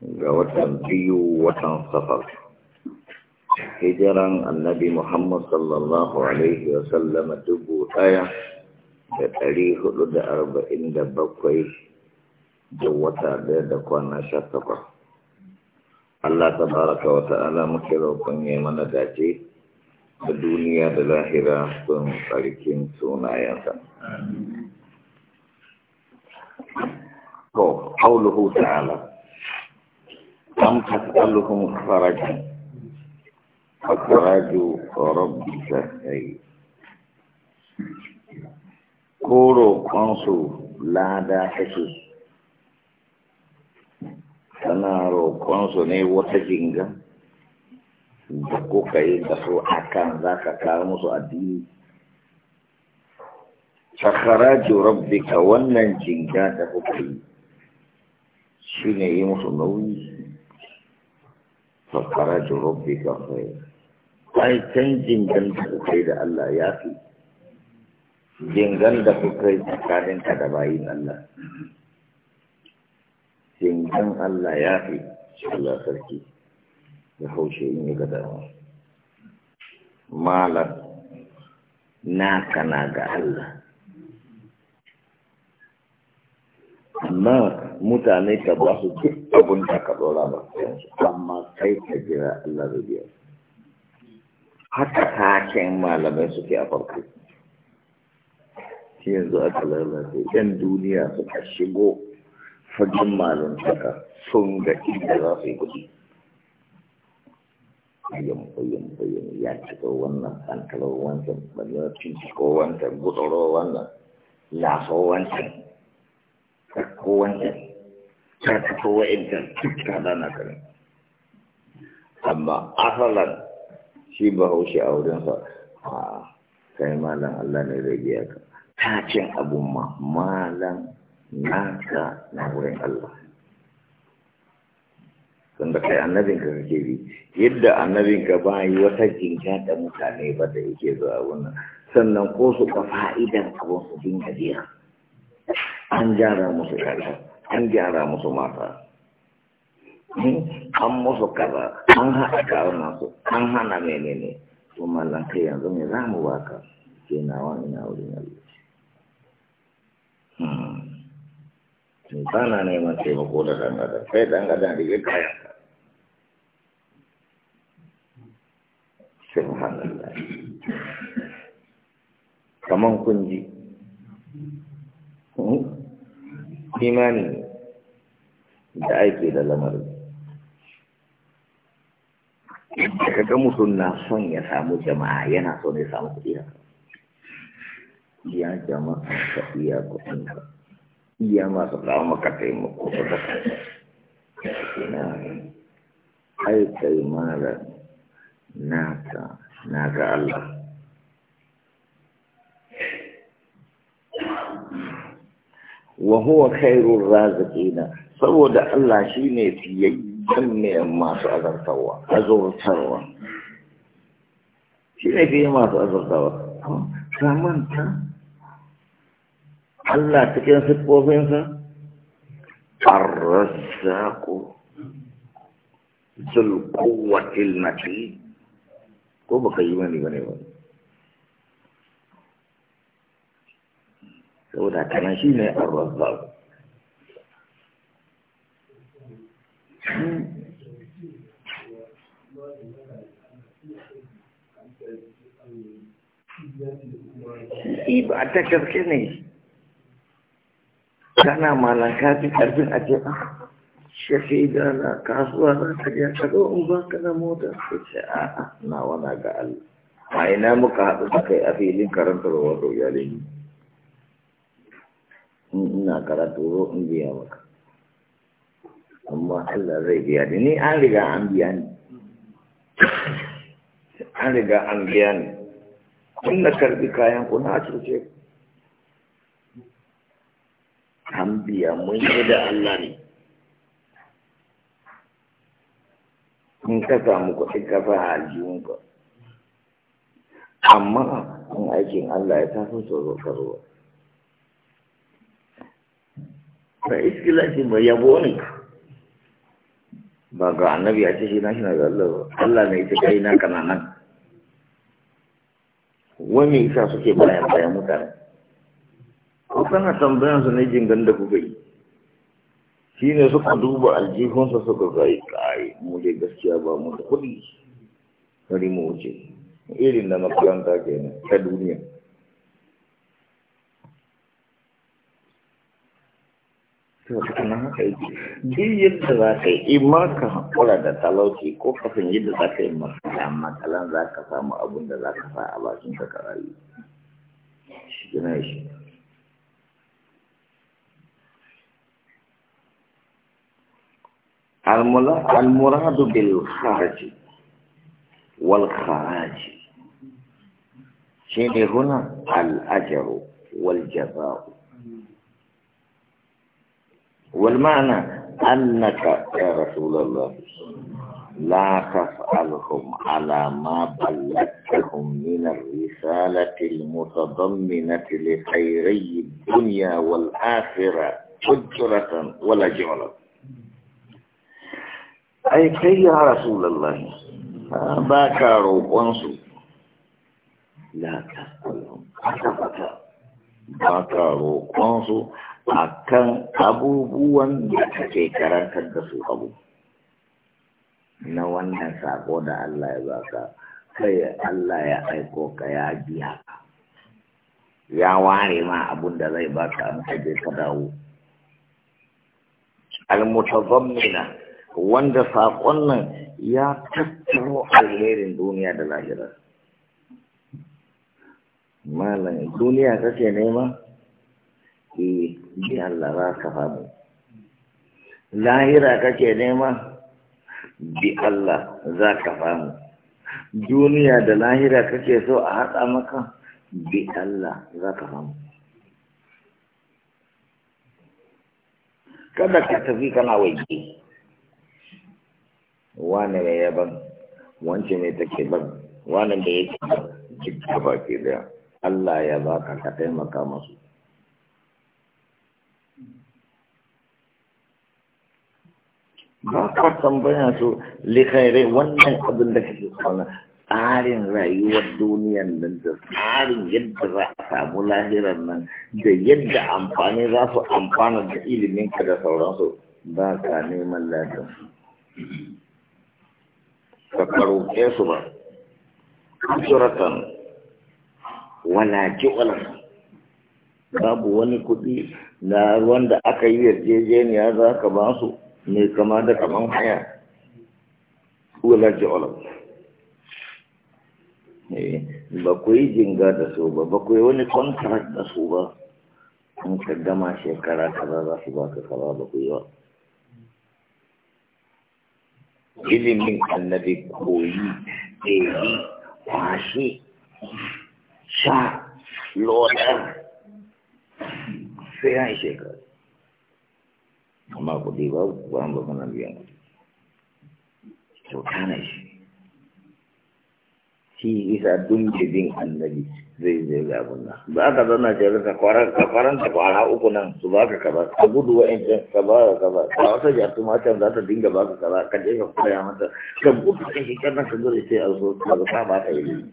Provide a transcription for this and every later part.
ga watan biyu watan safar hijiran annabi muhammad sallallahu alaihi wa Sallama, dubu daya da ɗari hudu da arba'in da bakwai da wata ɗaya da kwana sha takwas Allah ta baraka wa ta'ala muke roƙon ya mana dace da duniya da lahira sun tsarkin sunayensa. To, hauluhu ta'ala. أم تسألهم خرجا أخرج ربك أي كورو كونسو لا داحسو سنارو كونسو ني وتجينغا بكوكا يدخو أكان ذاك كالموسو أدين فخرج ربك ونن جنجا تفكي شنو يمسو نويس فخرج ربك خير ai can jingan da kuka yi da Allah ya fi jingan da kuka yi tsakaninka da bayin Allah jingan Allah ya fi Allah sarki Ya haushe in yi gadawa malar naka na ga Allah amma mutane ta ba su duk abin da ka dora ba amma kai ka jira Allah da biyar haka taken malamai suke a farko shi yanzu aka lalace yan duniya suka shigo fagen malin saka sun ga inda za su yi kuɗi ayyan bayan bayan ya cika wannan fantalar wancan bayan cikin wancan gutsuro wannan laso wancan ka kowancan ka ta kowancan dukkan dana karin amma asalan shi ba haushe a wurinsa a kai malam Allah ne rage ka tacin abun ma malam naka na wurin Allah tunda kai annabinka kake bi yadda annabinka ba yi wata jinka da mutane ba da yake zuwa wannan sannan ko su ka fa'idan abun su dinga biya an gyara musu kaza an gyara musu mata hmm? an musu kaza an haɗa karunan masu, an hana menene to mallan kai yanzu me za mu baka ke nawa ina wurin Allah hmm. ba na neman taimako da dangada, sai dangada da ya kayan ka subhanallah kaman kun ji hmm? imani da aiki da lamarin daga ga mutum na son ya samu jama'a yana son ya samu kuɗi haka iya jama'a ka iya kuɗin ka iya masu kawo maka taimako da kanka ina ai kai mara naka naga Allah وهو خير الرازقين سود الله شيني في جمع ما سأذر توا أزور توا شيني في ما سأذر توا كمان الله تكين ستبو فينسا الرزاق ذو القوة المتين ko baka yi بني bane saboda kanan shi ne arrazzaku Iba ta gaske ne, kana a ce, ah, shafi gana kasuwa za ta je ka in ba ka na mota ko ce a'a na wana ga Allah. Ma ina muka haɗu da kai a filin karanta rawar iyalin. in ina karatu zo in biya maka amma Allah zai biya ni ni an riga an biya ni an riga an biya ni kun na karbi kayan ku na cuce an biya mun yi da Allah ne in ka samu kuɗi ka fa aljihun ka amma in aikin Allah ya taso so zo ka zo da iskilanci mai yabo ne ba ga annabi ya ce shi na shi na Allah Allah ne ita kai na kananan wani isa suke bayan bayan mutane ko kana tambayan su ne jingan da kuka yi shi ne suka duba aljihunsa suka zai kai mu dai gaskiya ba mu da kuɗi bari mu wuce irin na makaranta kenan ta duniya duk yadda za ka yi imarka hakura da talauci ko kafin yadda za ka yi mafiya matsalan za ka samu abin za ka sa a bakin ka karayi shi gina shi almuradu bil kharaji wal kharaji والمعنى أنك يا رسول الله لا تسألهم على ما بلغتهم من الرسالة المتضمنة لخيري الدنيا والآخرة حجرة ولا جعلة أي كي يا رسول الله باك روحانسو لا تسألهم أتفتا باك روحانسو akan abubuwan da kake karantar da su abu na wannan sako da Allah ya baka kai Allah ya aiko ka ya biya ya ware ma abun da zai baka an kaje ka dawo al-mutazammina wanda sakon nan ya tattaro alherin duniya da lahira malam duniya kake nema bi eh, Allah za ka famu lahira kake nema bi Allah za ka famu duniya da lahira kake so a haɗa maka bi Allah za ka famu kada ka tafi kana waje wane mai yaban wance mai take ban wane da yake ban, duk ba ke da Allah ya baka ka taimaka masu ba ka tambaya su likhaire wannan abin da kake kwana tsarin rayuwar duniyar nan da tsarin yadda za a samu lahirar nan da yadda amfani za su amfana da iliminka da sauransu ba ka neman lafiya ka karoke su ba kusuratan wala ji'ulan babu wani kuɗi na wanda aka yi yarjejeniya za ka ba su mai kama da kaman haya wala jawala eh ba ku yi jinga da su ba ba ku yi wani contract da su ba an ka gama shekara kaza za su ba ka kaza ba ku yi ba ilimin annabi koyi ɗaya kwashe sha lodar sai an shekara amma kuɗi ba ba mu biyan kuɗi shi shi isa dun bin annabi zai zai ga abun nan ba ka zauna ce ka ka kwara uku nan su ba ka kaza ka gudu wa in ka ba ka ka wata jatu matan za ta dinga ba ka kaza ka je ka koya mata ka gudu ka shi kana ka gudu sai a zo ka ba ba ka yi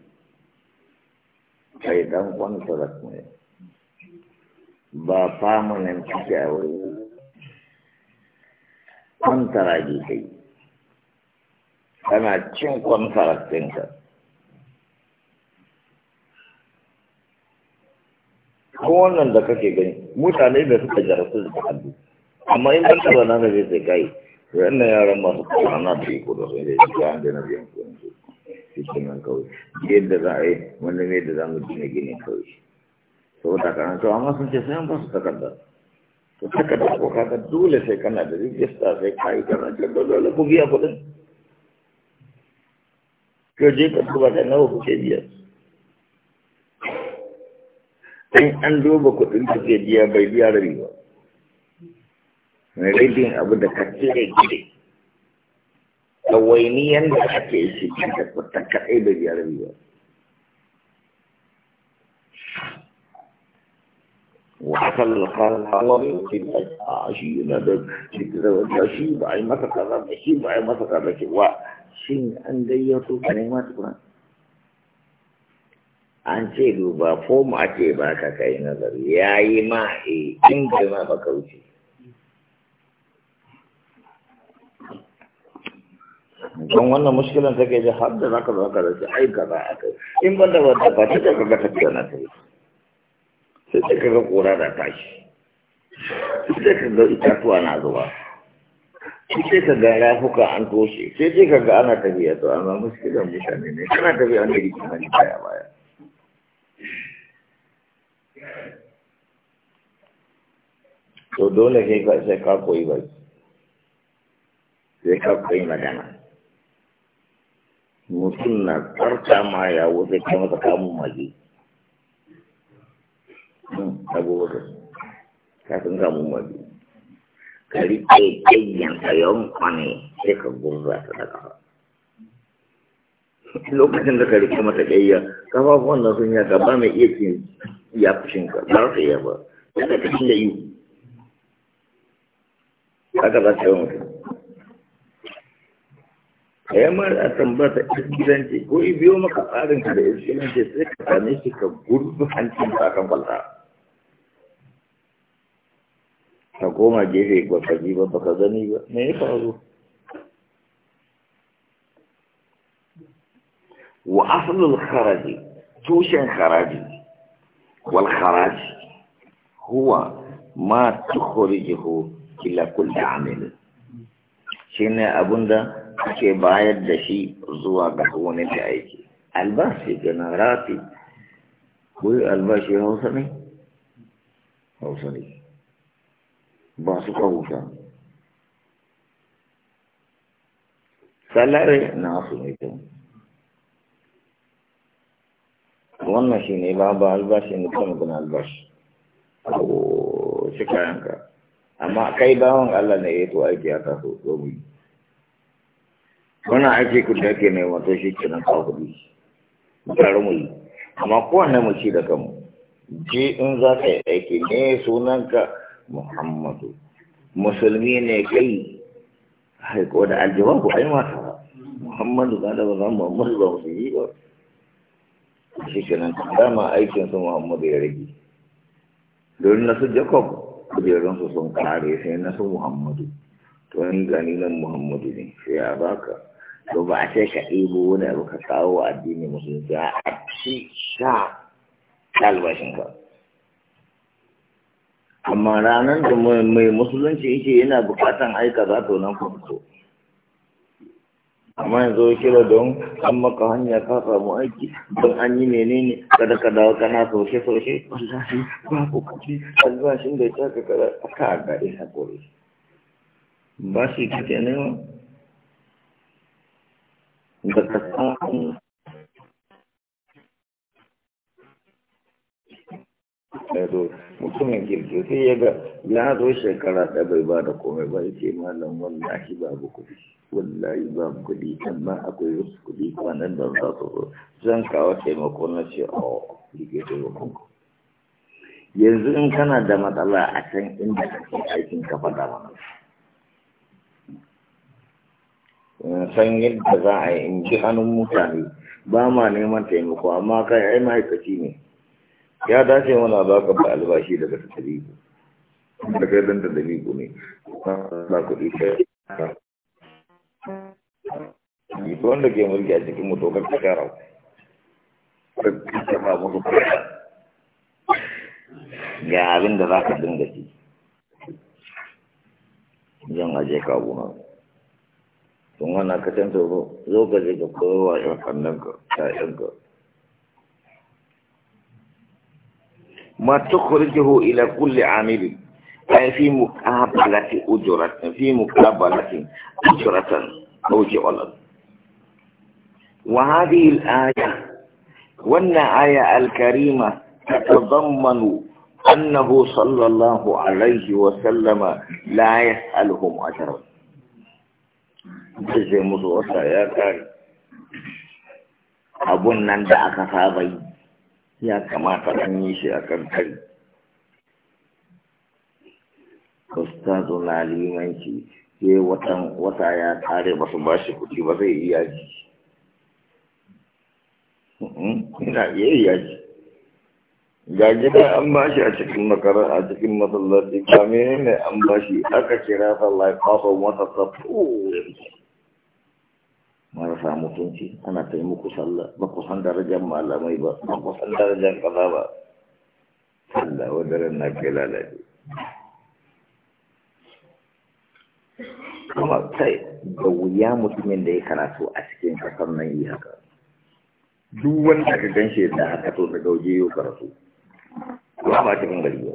kai dan kwanta da kuma ba famunan kike a wurin kwantara ji kai kana cin kwantara ɗinka ko wannan da kake gani mutane da suka jarasu da hannu amma in ban taba nan kai yaran masu kwana da iko da sun zai ga an da biyan kuɗin su cikin nan kawai yadda za a yi ne da za mu gina gini kawai saboda karanta amma sun ce sai an ba su takardar to haka da ko kaga dole sai kana da rijista sai ka yi kana da dole ku biya kuɗin Ko je ka duba da nawa kuke biya in an duba kuɗin kuke biya bai biya rabi ba mai rabin abu da ka cire gide ɗawainiyan yanda ake shi kan ka kuɗin kaɗai bai biya rabi ba وخلق العرب عشينا شيء بعي ما تقرب شيء بعي ما تقرب شيء وشين أنديته كلمات القرآن an ce duba ko mu a ce ba ka kai nazari ya yi ma e in ka ma ba ka wuce don wannan muskilan take da har da za ka zo ka zace ai in ban da wata ba ta ka ga ta na ta yi sai da kaga kora da tashi sai da kaga itatuwa na zuwa sai ka ga rafuka an toshe sai ka ga ana tafiya to amma muskilan mutane ne kana tafiya wanda yake mani baya baya to dole sai ka sai ka koyi ba sai ka koyi magana mutum na tsarta ma ya wuce ta masa kamun maje. abubakar kafin samun mabi ka riƙe ƙayyanta kwane sai ka gurza ta da ƙafa lokacin da ka riƙe mata ƙayya kafafuwan nan sun yaka ba mai iya cin ya fushin ka ba su iya ba daga cikin da yi haka za ta yi mutum a yamma da tambata iskilanci ko ibiyo maka tsarin ka da iskilanci sai ka same shi ka gurbi hancin ka kan kwalta ka koma gefe ba ka ji ba ba ka gani ba me ya faru wa aslul kharaji tushen kharaji wal kharaji huwa ma tukhrijuhu ila kulli amil shine abunda ake bayar da shi zuwa ga wani da aiki albashi gana rafi ko albashi hausa ne hausa ne ba su kawuta Salari na su mai wannan shi ne ba ba albashi ne kan guna albashi ko shi kayanka amma kai bawan Allah ne ya to aiki aka so so wannan aiki ku da mai wato shi kenan ka kudi tare mu yi amma kowanne mu ci da kanmu Ji in za ka yi aiki ne sunanka muhammadu musulmi ne kai haiko da aljawabu ai mata muhammadu ga da ba mu ba su yi ba shi kenan dama aikin su muhammadu ya rage don nasu jacob kujerun su sun kare sai nasu muhammadu to ni gani nan muhammadu ne sai ya baka to ba a ce ka ɗebo wani abu ka kawo addini musulunci a ci sha albashinka amma ranar da mai musulunci yake yana bukatan aika za ta nan fito amma yanzu kira don an maka hanya ka samu aiki don an yi menene kada ka dawo kana soshe soshe wallahi ba ku kaci albashin da ya ka kada aka ga ina kore ba shi kake nema da ka san ya zo mutumin kirki sai ya ga ya zo shekara ta bai ba da komai ba ya ce malam wallahi babu kuɗi wallahi babu kuɗi amma akwai wasu kuɗi kwanan da za su zo zan kawo taimako na ce a rike ta yi yanzu in kana da matsala a can inda kake aikin ka faɗa mana san yadda za a yi in ji hannun mutane ba ma neman taimako amma kai ai ma'aikaci ne ya dace mana ba ka ba albashi daga da daga yi da dalibu ne na kuɗi ka yi to wanda ke mulki a cikin mutu ka kakara ka kama musu ga abin da za ka dinga ci zan aje ka abu tun wannan ka canza zo ka je ka koyo wa 'yan kannan ka 'ya'yan ka ما تخرجه إلى كل عامل أي في مقابلة أجرة في مقابلة أجرة أو جعلة وهذه الآية وأن آية الكريمة تتضمن أنه صلى الله عليه وسلم لا يسألهم أجرا بزي musu wata ya kare abun nan ya kamata an yi shi a kankari kari ustazu na limanci sai watan wata ya tare ba su ba shi kuɗi ba zai iya ji mm-hmm. ina iya iya ji gaji da an ba shi a cikin makarar a cikin masallaci kamar ne an ba shi aka kira sallai kwafon wata sabto marasa mutunci ana ta yi muku sallah ba ku san darajar malamai ba ba ku san darajar kaza ba Sallah wa daren na kai lalace kuma sai da wuya mutumin da ya karatu a cikin kasar nan yi haka duk wanda ka gan shi da haka to daga waje yau karatu ba ba cikin gari ba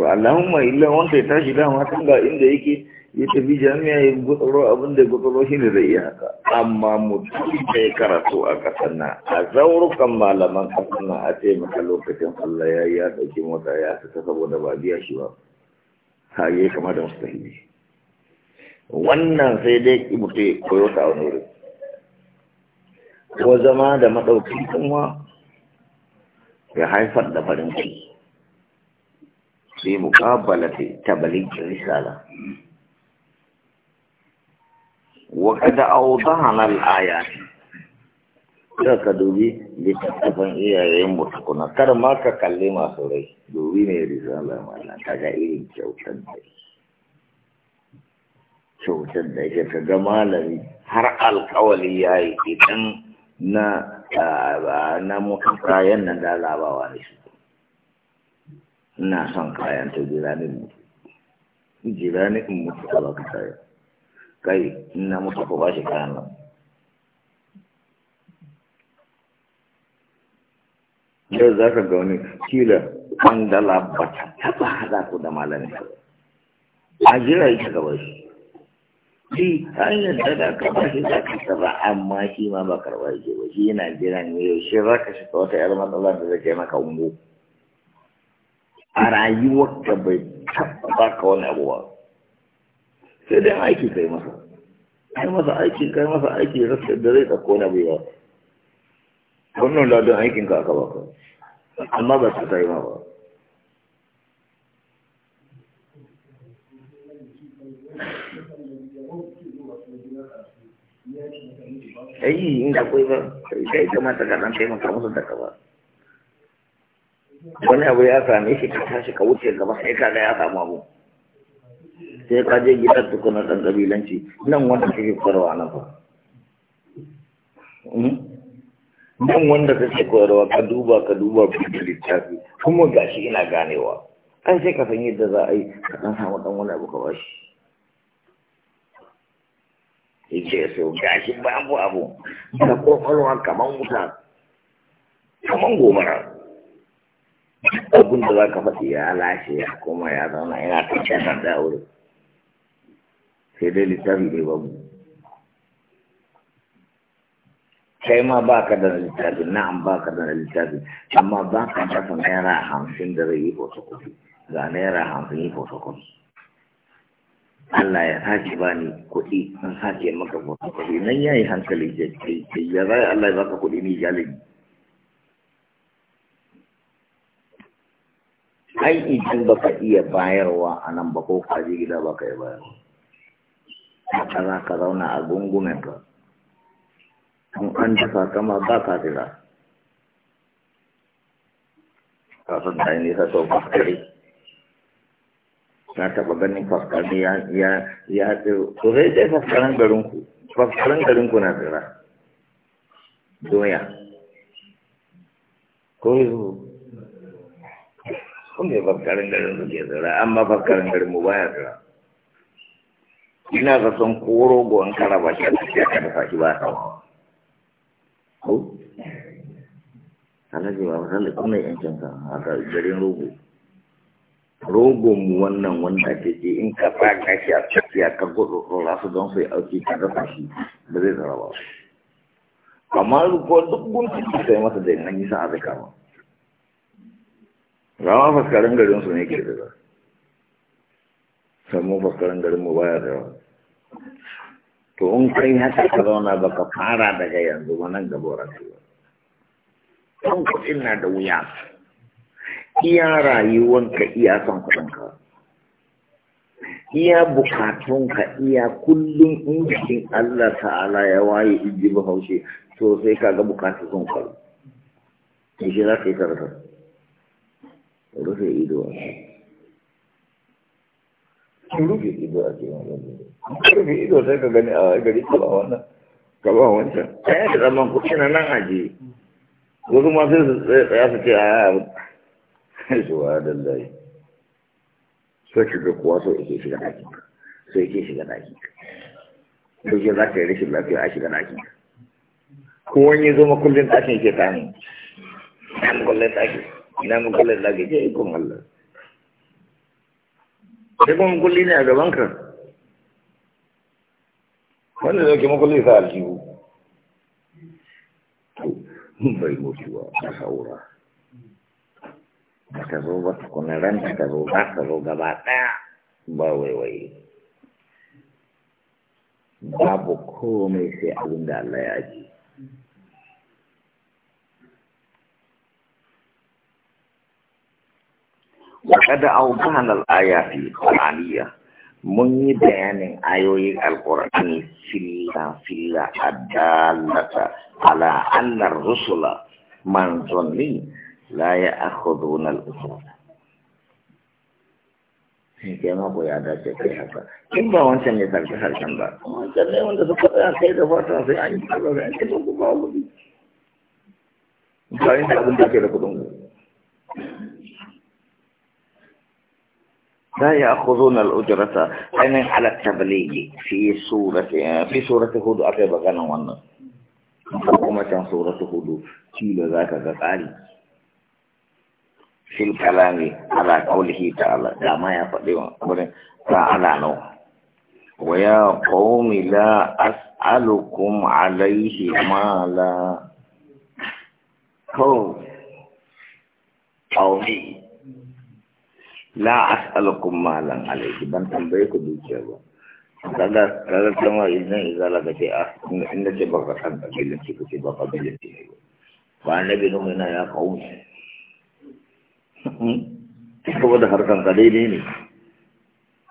to Allahumma illa wanda ya tashi dama tun ga inda yake ya tafi jami'a ya gutsuro abinda da gutsuro shi ne zai yi haka amma mutum da ya karatu a ƙasar na a zaurukan malaman ƙasar na a ce maka lokacin Allah ya yi ya ɗauki mota ya fita saboda ba biya shi ba ha yi kama da mustahili wannan sai dai ki mutu ya koyo ta wani wuri ko zama da maɗauki kuma ya haifar da farin ciki sai kaba ta balin risala وقد أوضحنا الآيات sai ka dubi littattafan iyayen mu tukuna kar ma ka kalli masu rai dubi ne risala mallan ta ga irin kyautar da kyautar da yake ka ga malami har alkawali ya yi idan na na mutum kayan nan da labawa ne su ina son kayan to jirani mu jirani in mutu ka ba ka kayan kai ina mutu ko bashi shi yau za ka ga wani kila kwandala ba taba haɗa ku da malami a jira yi ta gaba shi hanyar da da ka ba za ka taba amma shi ma ba karɓa yake ba shi yana jiran ne yau shi za ka shiga wata yar matsala da zai kai maka ungo a rayuwar ka bai taɓa ka wani abu ba sai dai aiki kai masa masa aiki kai masa aiki rasa da zai tsakko na bai wannan ladon aikin ka aka baka amma ba su kai ma ba ai in da kai ba sai ka dan taimaka musu da ka ba wani abu ya same shi ka tashi ka wuce gaba sai ka ga ya samu abu sai ka je gidan tukuna ɗan ƙabilanci nan wanda kake fitarwa na ba hmm? nan wanda kake koyarwa ka duba ka duba da littafi kuma gashi ina ganewa an sai ka san yadda za a yi ka ɗan samu ɗan wani abu ka bashi yake so gashi babu abu da ƙwaƙwalwa kamar wuta kamar gomara abin da za ka faɗi ya lashe ya koma ya zauna yana tafiya da wurin sai dai littafi bai babu kai ma ba ka da littafi na'am ba ka da littafi amma ba ka dafa naira hamsin da zai yi fotokofi ga naira hamsin yi fotokofi Allah ya sake ba ni kuɗi an sake maka fotokofi nan ya yi hankali da kai ya zai Allah ya baka kuɗi ni jalibi ai idan baka iya bayarwa a nan ba ko kaji gida baka iya bayarwa haka za ka zauna a gungumen ka an an dafa kama ba ka jira kafin da yi nisa sau faskari na taɓa ganin faskari ya ya ya tsiro to zai dai faskarin garinku faskarin garinku na jira doya ko yiwu kun ne faskarin garin su ke jira amma faskarin garin mu baya jira ina zaton ko rogo an kara shi a cikin ka dafa shi ba a kawo ko alaji ba ba misali kuma yankin ka haka garin rogo rogon mu wannan wanda ake ce in ka tsaka shi a tsakiya ka gudu tsora su don su yi auki ka dafa shi ba zai tsara ba amma ko duk gunki su kai masa da nan yi sa'a zai kama Rama faskarin garin su ne ke da zara. samu bakaran garin mu baya da to in kai haka ka zauna baka fara daga yanzu ba nan gaba rafi ba don kuɗin na da wuya iya rayuwanka iya son kuɗinka iya bukatunka iya kullum in jikin Allah ta'ala ya waye iji ba haushe to sai ka ga sun karu. Ishe za ka yi Rufe ido. rufe ido a cikin wani rufe ido sai ka gani a ah, gari ka wannan ka wancan a yanzu zaman kuɗi na nan aji wasu ma sai su tsaya su ce a yaya su wa sai kuwa sau ike shiga ɗaki, sai shiga ɗaki. sai ke za ka yi rashin lafiya a shiga ɗaki. ko wani zo makullin ɗakin ke ta ne na makullin ɗakin na makullin ɗakin ke ikon Allah sai kuma kulli ne a gaban ka wanda zai kuma kulli sa aljihu bai mutuwa a haura ba ta zo ba kuna ran ta zo ba ta zo gaba ɗaya ba waiwaye babu komai sai abin da Allah ya ajiye وقد أوضحنا الآيات العالية مني بيان آيوي القرآن في الله في على أن الرسل من ظني لا يأخذون الأسرة كما بويا دا شكي حفا كم باوان شمي سالك حال شمبا شمي وانت سفر يا خيدة فاتنا في عين سفر يا لا يأخذون الأجرة أين على التبليغ في سورة في سورة هود أبي غنى وانا حكومة سورة هود كيل ذاك ذكاري في الكلام على قوله تعالى لا ما يفعل تعالى نو ويا قوم لا أسألكم عليه مالا قوم قومي la as'alukum malan alayhi ban tambaye ku dukiya ba kaga kaga kuma idan izala ka ce ah inda ce baka san kabilin ce ku ce ba kabilin ce ne ba annabi nuhu yana ya kawo kuma hmm? da harkan ka daidai ne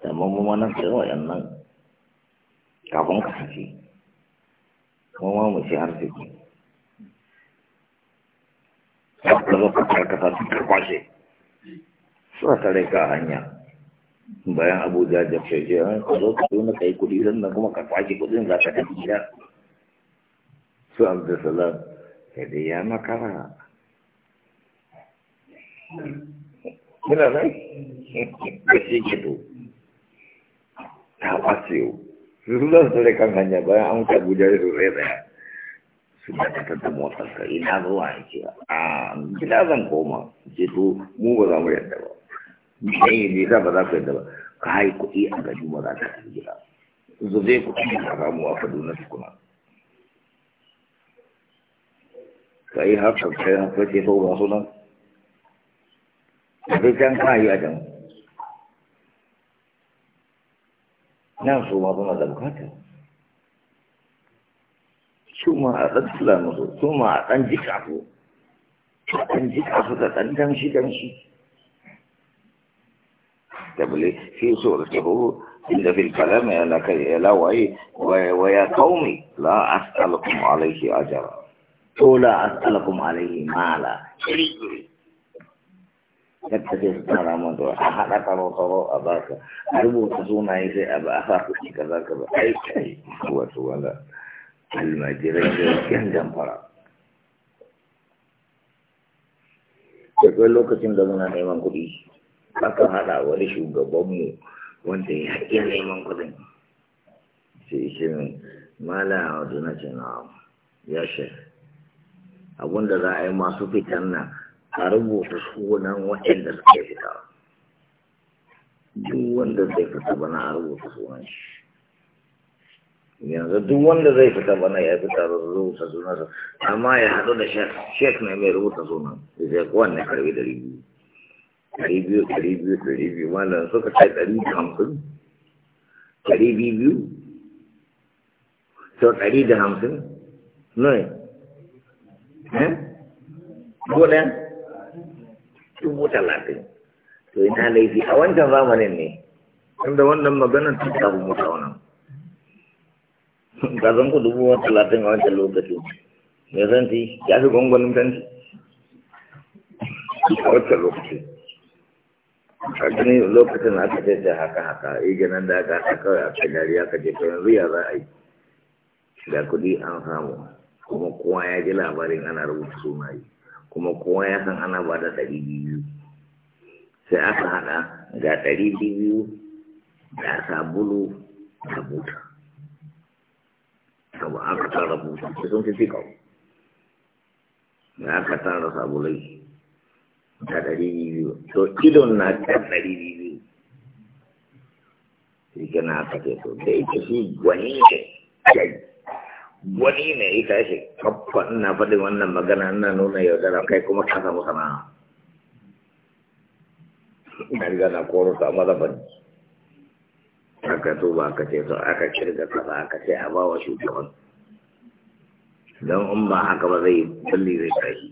amma mu ma nan kai wayannan kafin ka sace mu ma mu ci arziki ka zama ka karkata ka kwashe suka tare bayan abuja da fege an kazo ka zo na kai kudi sannan kuma ka kwace kudin za ka tafi gida su abdulsalam sai ya makara muna nan da shi ke to ta su su za su tare bayan an wuce abuja da su su ta a ah, gida zan koma ce to mu ba za ba yayin da ba za ku yadda ba ka hai kuɗi a gari ba za ka tafi gida zube kuɗi da samu a kaduna tukuna ka yi haka kai haka ce sau ba sunan tafi can ka yi a can nan su ma suna da bukata su ma a ɗan tula musu su ma a ɗan jika su a ɗan jika su da ɗan damshi damshi تبلي في صورته عند في الكلام لك لا وي ويا قومي لا أسألكم عليه أجرا ولا أسألكم عليه مالا كتبت سبحان من دور أحد أكبر طرو أباك أربو تسونا إيسا أبا أخاك كذا كذا أي أي هو سوالا المجرد كان جنفرا تقول لو كتب دمنا نيمان كريش aka haɗa wani shugabanmu wanda ya iya neman kuɗin sai shi mala wato na ce na ya shi abinda za a yi masu fitan nan a rubuta sunan waɗanda suke fita duk wanda zai fita bana a rubuta sunan shi yanzu duk wanda zai fita bana ya fita rubuta sunansa amma ya haɗu da shek na ne mai rubuta sunan da shek wanne karbi da biyu ɗari biyu ɗari biyu ɗari biyu malam suka kai ɗari da hamsin ɗari biyu biyu sau ɗari da hamsin nai ko ɗaya dubu talatin to ina laifi a wancan zamanin ne inda wannan maganar ta tafi mutu wannan ga zan ku dubu talatin a wancan lokacin me zan ci ya fi gwangwanin kanci a wancan lokacin ne lokacin aka ce haka haka haka nan da aka kawai aka gari aka je to yanzu ya za a yi da kudi an samu kuma kowa ya ji labarin ana rubuta sunaye kuma kowa ya san ana ba da ɗari biyu sai aka haɗa ga ɗari biyu da sabulu da buta kama aka tara buta sai sun fi fi kawo da aka tara sabulai da ɗari biyu to idon na kan ɗari biyu shi na aka ce to da ita shi gwani ne kai gwani ne ita shi kafa ina faɗin wannan magana ina nuna yaudara kai kuma kasa musa na ina riga na koro ta amma zaban aka tuba aka ce to aka kirga kasa aka ce a bawa shugaban don in ba haka ba zai bulli zai tashi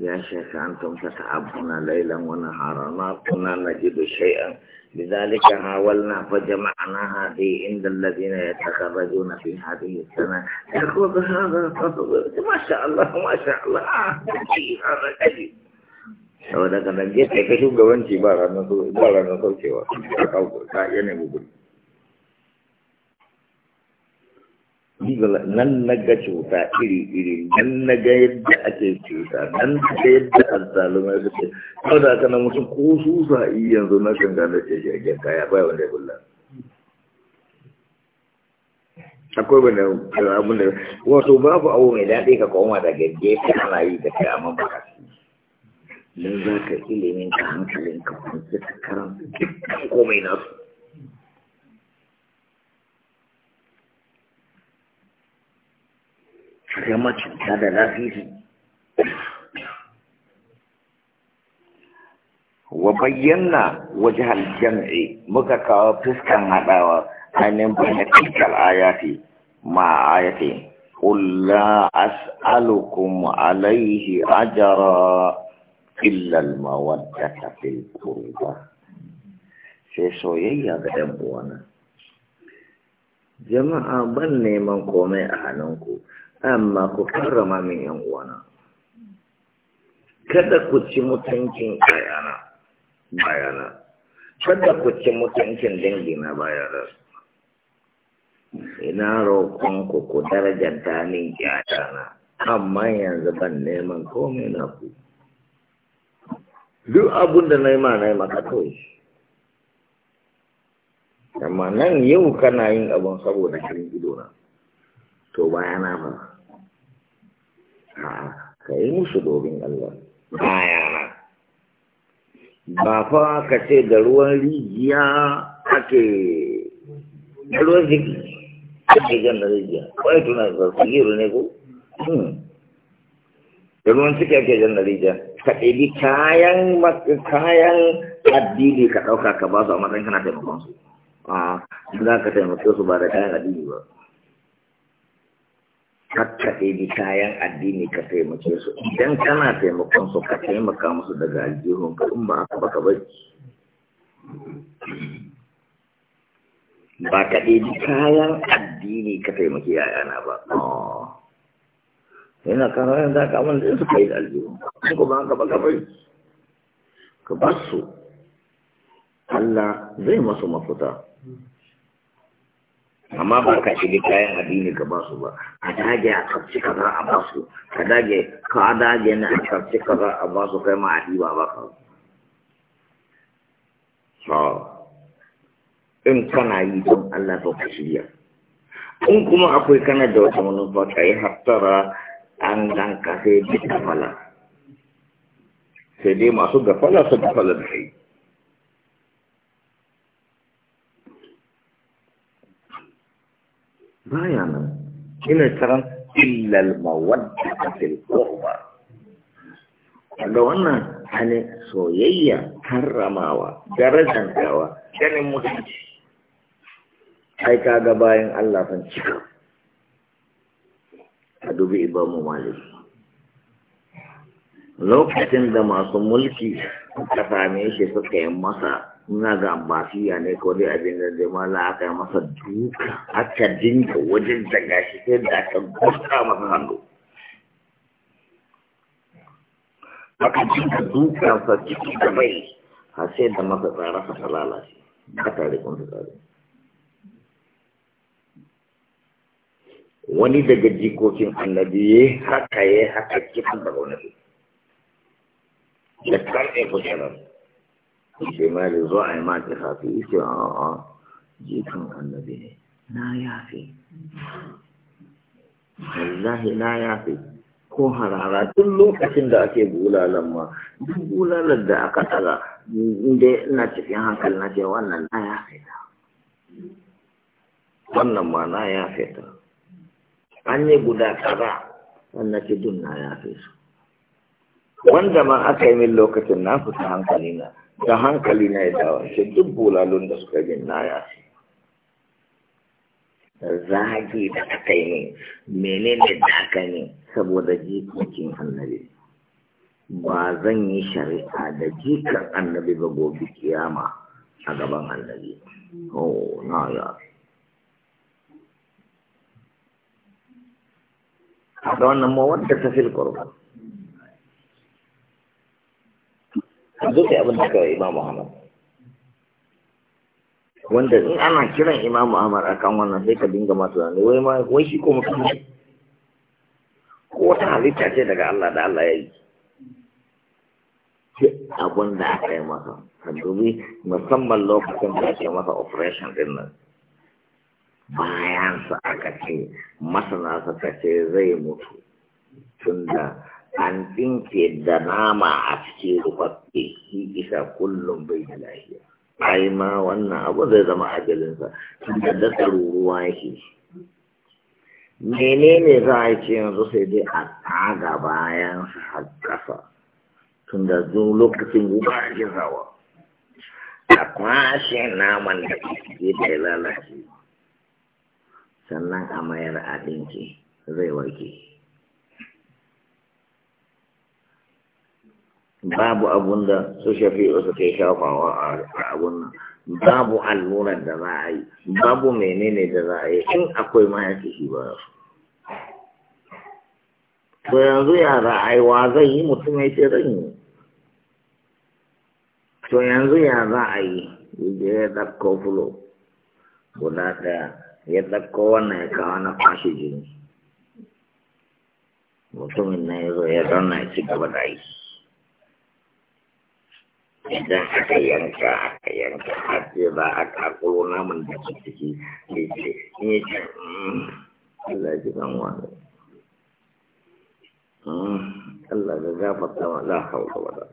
ya shaka an tumta ta abuna lailan wani harama kuna na jidu shai'an da zalika hawal na fa jama'a na haɗe inda lalazina ya taka ba zuna fi haɗe ya sana ya kuma ga hada ta masha Allah masha Allah ci ah, hada kaji sau daga nan jefa ya kashi gabanci ba ranar saukewa ta kawo ta yanayi gugun nan na ga cuta iri-iri nan na ga yadda ake cuta nan na ga yadda azzalumai suke sau da aka na musu ko su iya yanzu na kan gane ce gyan kaya bai wanda ya bulla akwai wanda abin da wato babu abu mai daɗi ka koma da gaje ka ana yi da kai amma baka nan za ka ilimin ka hankalin ka kwanci ka karanta dukkan komai nasu shiga macinta da lafiri wa bayyana wajen jam'i muka kawo fuskan haɗawa ainihin bayan cikin ayati ma ayati alaihi as'alukum أسألكم عليه أجرا إلا المودة في sai soyayya ga dan uwana jama'a ban neman komai a hannunku amma ku karrama min yan uwana kada ku ci mutuncin bayana bayana kada ku ci mutuncin dangina bayana ina roƙon ku ku darajanta min yatana amma yanzu ban neman komai na ku duk abun da na yi ma na yi maka kawai amma nan yau kana yin abun saboda kirin idona to bayana ba ka yi musu domin Allah bayana ba fa ka ce da ruwan rijiya ake da ruwan ziki ake jan da rijiya kawai tuna zarfi gero ne ko hmm. da ruwan ciki ake jan da rijiya ka ɗabi kayan kayan addini ka ɗauka ka ba su a matsayin kana taimakon su a za ka taimake su ba da kayan addini ba kakka ɗaya kayan addini ka taimake su idan kana taimakon su ka taimaka musu daga aljihun ka in ba ba ka bari ba ka ɗaya kayan addini ka taimake yayana ba yana oh. karo yin za ka wanda su kai da aljihun ka ko ba haka ba ka bari ka ba su Allah zai masu mafuta amma ba ka shiga kayan addini ka basu ba ka dage a tsarci kaza a basu ka dage ka dage na a tsarci kaza a basu kai ma a ɗiba ba ka so in kana yi don Allah ba ka shirya in kuma akwai kana da wata manufa ka yi hattara an ganka sai duk gafala sai dai masu gafala su gafala da kai baya nan ina taran illal mawadda fil qurba daga wannan hali soyayya karramawa darajantawa ganin mutunci ai ga bayan Allah sun cika a dubi ibamu lokacin da masu mulki suka same shi suka yi masa Muna ga mafiya ne ko dai abin da zai mala aka yi masa duka aka dinka wajen da gashi sai da aka gusta masa hannu aka dinka duka sa ciki da bai a sai da masa tsara sa halala shi ba tare kun ta tsare wani daga jikokin annabi ya haka ya haka kifin da gwamnati da karfe kujerar da zuwa a yi ma kifafi yake a a jikin annabi ne na yafe. wallahi na yafe ko harara tun lokacin da ake bulalan ma duk bulalan da aka tsara inda ina cikin hankali na ce wannan na yafe ta wannan ma na yafe ta an yi guda kaza wannan ce dun na yafe su wanda ma aka yi min lokacin na fita hankali na da hankali na ya dawa shi duk bulalun da suka bin na ya zagi da aka yi menene da ne saboda jikokin annabi ba zan yi shari'a da jikan annabi ba gobe kiyama a gaban annabi oh na ya a da wannan ma wadda ta fi yanzu sai abin da kawai imam muhammad wanda in ana kiran imam muhammad akan wannan sai ka dinga masu zane wai ma wai shi ko mutum ko wata halitta ce daga allah da allah ya yi abin da aka yi masa ka dubi musamman lokacin da ake masa operation din nan bayansa aka ce masana ka ce zai mutu tunda an tsinke da nama a cikin rufaffe shi isa kullum bai da lahiya. ai ma wannan abu zai zama ajalinsa tun da dasa ruruwa yake menene za a ce yanzu sai dai a taga bayan har kasa tun da zuwa lokacin guba a sawa a kwashe naman da ke da lalace sannan a mayar abinci zai warke babu abun da su shafi'u suke shafawa a abun nan babu allurar da za a yi babu menene da za a yi in akwai mayaki shi ba su to yanzu yara aiwa zai yi mutum ya ce zan yi to yanzu ya za a yi ya ɗauko fulo guda ɗaya ya ɗauko wannan ya kawo na kwashe jini mutumin na ya zo ya zauna ya ci gaba da aiki idan aka yanka aka yanka har sai a kakuro naman da ke ciki mm, Allah ji kan mm, Allah ga gafarta ma za a hauka ba da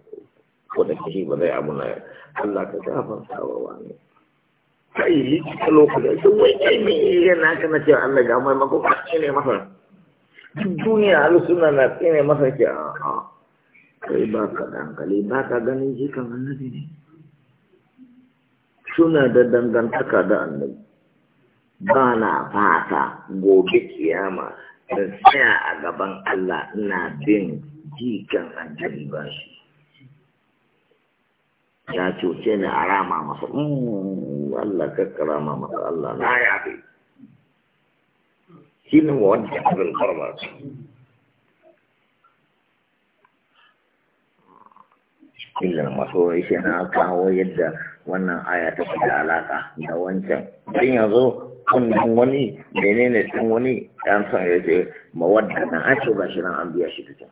ko da kishi ba Allah ka gafarta wa wani kai likita lokacin sun wai kai mai kana Allah ga mai mako ka masa duk duniya alusuna masa ke a'a kai ba ka da ba ka ganin jikan annabi ne suna da dangantaka da annabi ba na fata gobe kiyama da tsaya a gaban Allah na bin jikan annabi ba shi ya cuce ni a rama masa mm, Allah kakkarama masa Allah na yabe shi ne wa wanda abin karbar illar maso shi na kawo yadda wannan aya ta fi da alaka da wancan din yanzu kunnen wani menene ne wani ɗan son ya ce mawadda na an ce ba shi nan an biya shi ta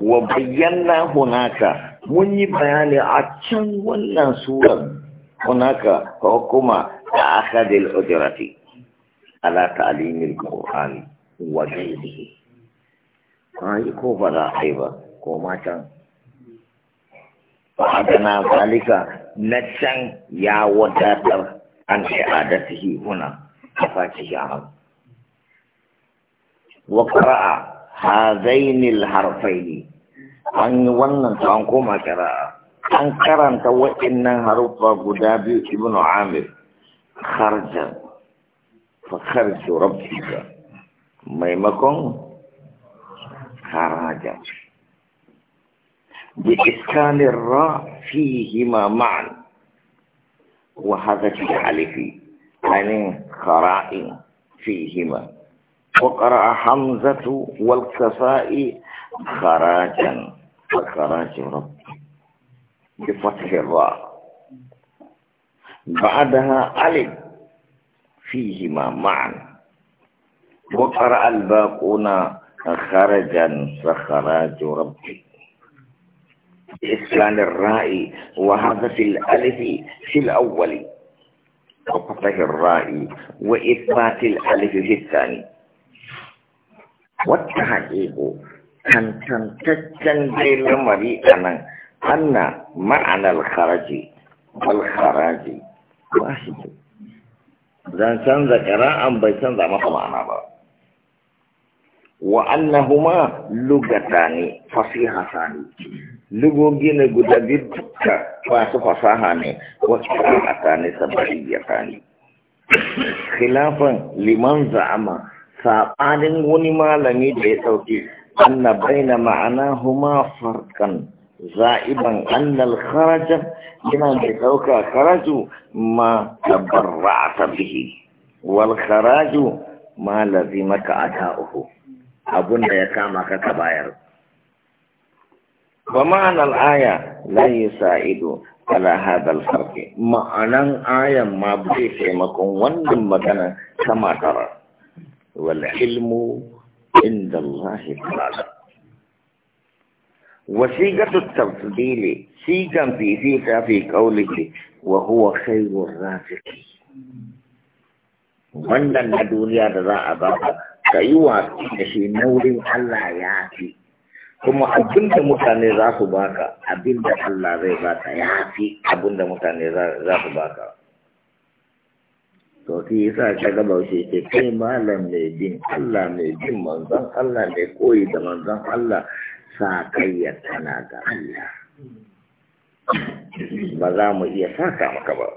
wa bayyana hunaka mun yi bayani a can wannan suran hunaka kuma da akadil ujrati ala ta'limil qur'ani wa ghayrihi ai ko ba za a yi ba ko ma can fa'adana zalika na can ya wadatar an i'adatihi huna a fatihi a wa qara'a hazaini al-harfaini an yi wannan ta an koma qira'a an karanta waɗannan haruffa guda biyu ibn amir kharjan fa kharju rabbika maimakon خرجت بإسكان الراء فيهما معا وهذا في الألف يعني خرائن فيهما وقرأ حمزة والكساء خراجا فخراج رب بفتح الراء بعدها ألف فيهما معا وقرأ الباقون خرجا فخراج ربي إسلام الرائي وهذا في الألف في الأول وفتح الرائي وإثبات الألف في الثاني والتحقيق كان كان تجن غير مريئنا أن معنى الخرج والخراج واحد dan canza ƙira'an bai canza masa ma'ana وأنهما لغتان فصيحتان لغوغين غدا بدك فاسو فصاحان سبعيتان خلافا لمن زعم سابان وني لني دي سوتي أن بين معناهما فرقا زائبا أن الخرج لمن بتوكا خرج ما تبرعت به والخراج ما لزمك أداؤه abun da ya kama ka ka bayar ba ma'anar aya layi sa ido ala hadal farki ma'anan ayan ma bai taimakon wannan magana ta matara wal ilmu inda Allahi ta'ala وصيغة التفضيل صيغا في fi في قوله وهو خير rafiki. wannan na duniya da za a ba ka yi watsi da shi nauyin Allah ya fi kuma abinda mutane za su baka abinda Allah zai baka ya fi abinda mutane za su baka to ki sa ka gaba wuce ce kai malam mai bin Allah mai bin manzan Allah mai koyi da manzan Allah sa kayyar tana ga Allah ba za mu iya ka maka ba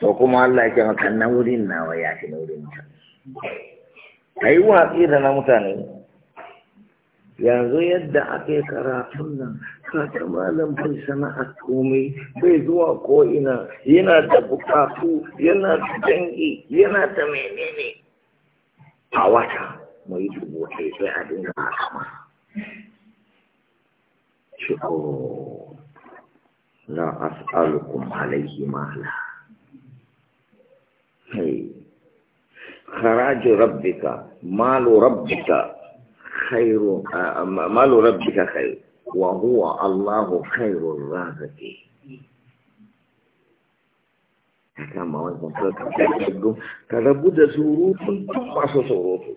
to kuma Allah ya ce maka na wurin nawa ya fi na wurin mutane a yi watsi da na mutane yanzu yadda ake karatun nan kata malam bai sana'a komai bai zuwa ko'ina yana da bukatu yana da dangi yana da menene a wata mai dubu sai sai a dinga a kama shiko na as'alukum alaihi mala hey خراج ربك مال ربك خير مال ربك خير وهو الله خير الرازقين kama wannan sarkakakku ka rabu da surutu masu surutu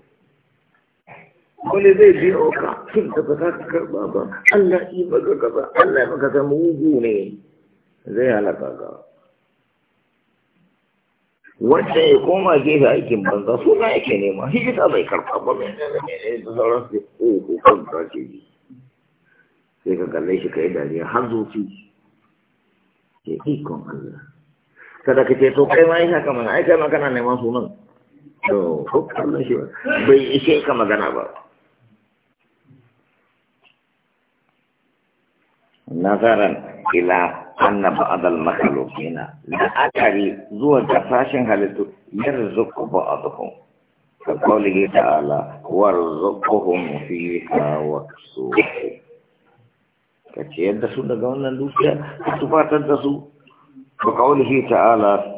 wani zai biyo ka tun da ba ka karba ba Allah yi maka gaba Allah ya maka zama mugu ne zai halaka gaba wanda ya koma gefe aikin banza suna yake nema hijita bai karfa ba mai da sauran su o oh, ko kan ta ke ji sai ka kalle shi kai dariya har zuci ke ikon Allah kada ka ce to kai ma isa kamar ai kai ma kana neman sunan to ko kallon shi bai ishe ka magana ba nazaran ila أن بعض المخلوقين لأكري ذو جفاش هلتو يرزق بعضهم كقوله تعالى وارزقهم فيها وكسوهم كتير دسو دقونا لوكا كتفات دسو وقوله تعالى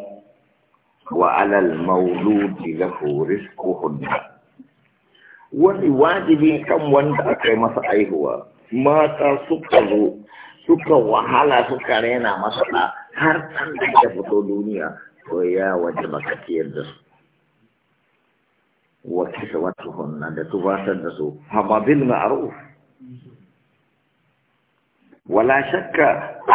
وعلى المولود له رزقهن wani wajibi kan wanda aka yi ما aihuwa suka wahala suka rena masa har ɗan da ya fito duniya ko ya waje baka ciyar da su wa kisa wata hunna da tubatar da su hababil ma'aruf. wala shakka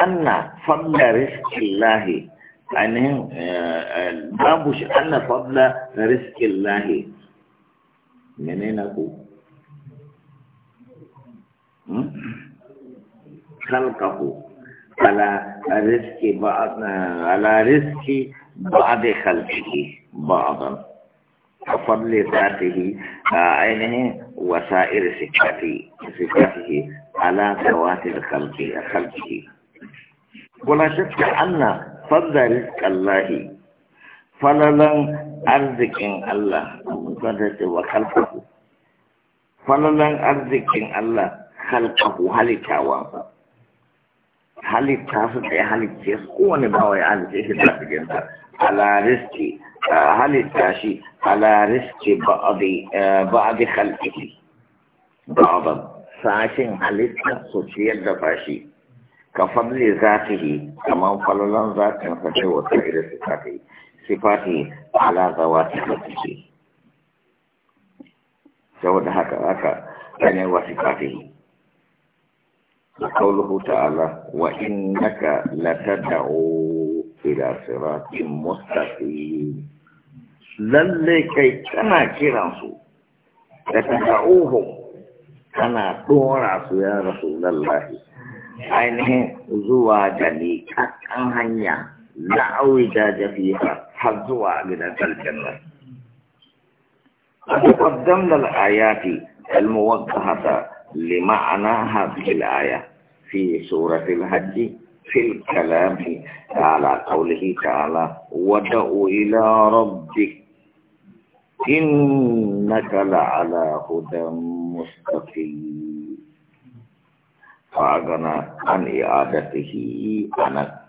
anna fadla rizqillahi ainihin eh, eh, babu shi anna fadla lahi, menene ku hmm? خلقه على رزق بعض على رزق بعض خلقه بعضا فضل ذاته عينه وسائر صفاته صفاته على ذوات الخلق خلقه ولا شك أن فضل رزق الله فللا أرزق الله وخلقه فللا أرزق الله خلقه هلكا وانفق halitta su da ya halitta su kowane bawa ya halitta shi da cikinsa ala riski halitta shi ala riski ba'adi halitta ba'adan sashin halitta su ciyar da fashi ka fadli zatihi kamar falalan zatin sa ce wata irin sifati sifati ala zawati halitta saboda haka haka ne wa sifatihi kawulubu ta'ala wa innaka latad'u ila siratin mustaqim lalle kai kana kiran su latad'uhu kana ɗora su ya rasulullahi ainihin zuwa da ni hanya la awi da ja fiha har zuwa gidan aljanna a taqaddam dal ayati al muwaqqahata لمعنى هذه الآية في سورة الحج في الكلام على قوله تعالى ودعوا إلى ربك إنك لعلى هدى مستقيم فأغنى عن إعادته أنا